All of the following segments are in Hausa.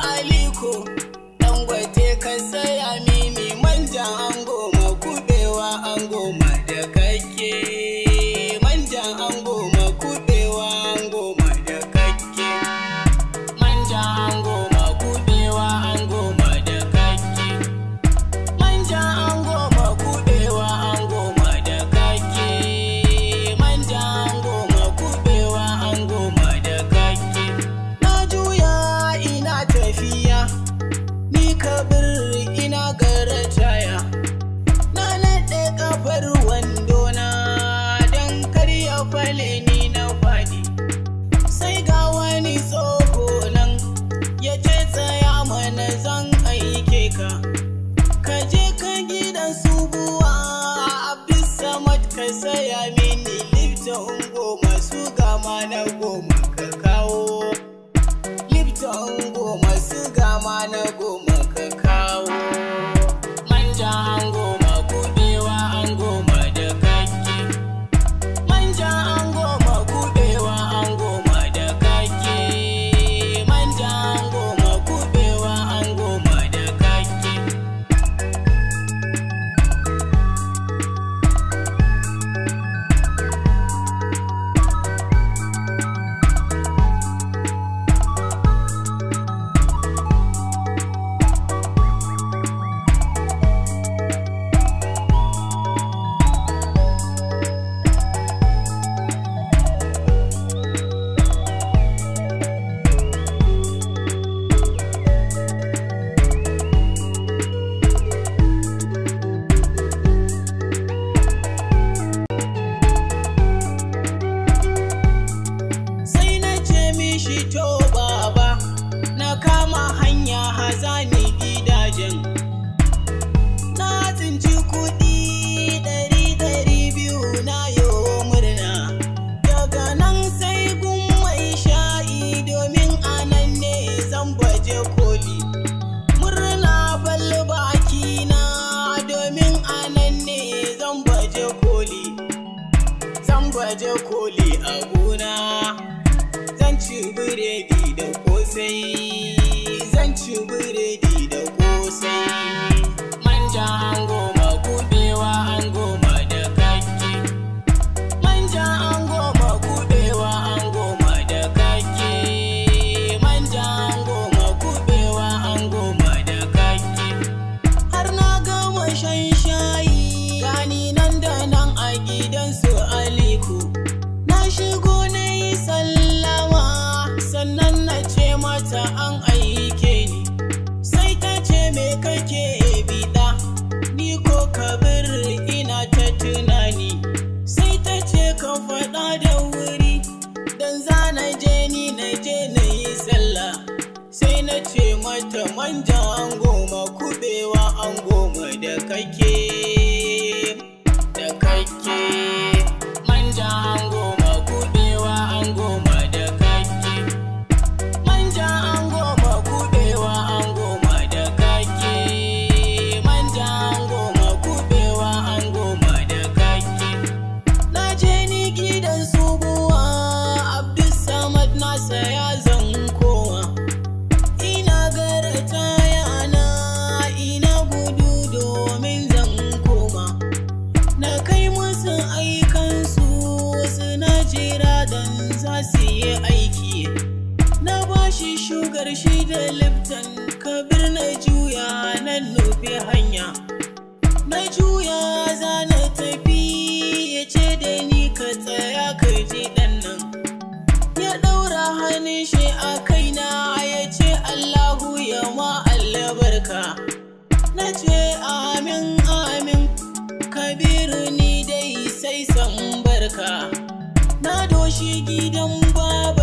aliko saya mini lifton goma su gama na goma ka kawo lifton goma su gama na goma shigo na yi sallama sannan na ce mata an aike ni sai ta ce me kake bida ni ko kabir ina ta tunani sai ta ce ka faɗa da wuri dan za na je ni na je na yi sallah sai na ce mata manja ango ma kubewa ango goma da kake Karshe da liftan kabir na juya nan nufi hanya na juya za na tafi ya ce da ni ka tsaya ka ji ɗan nan ya ɗaura hannun shi a kaina ya ce allahu ya ma albarka na ce amin amin kabiru ni dai sai san barka na doshi gidan baba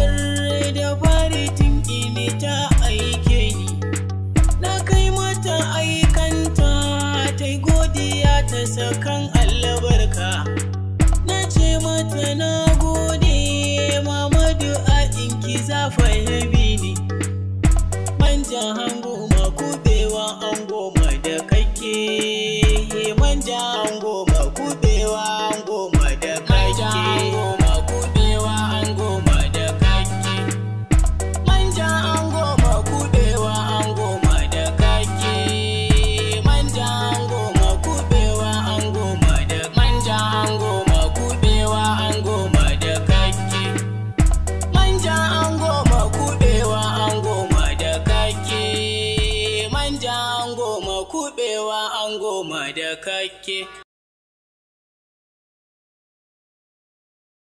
ta sakan barka na ce mata na gode mama du'a inki za fahimi ni manja hango makuta ango ma da kake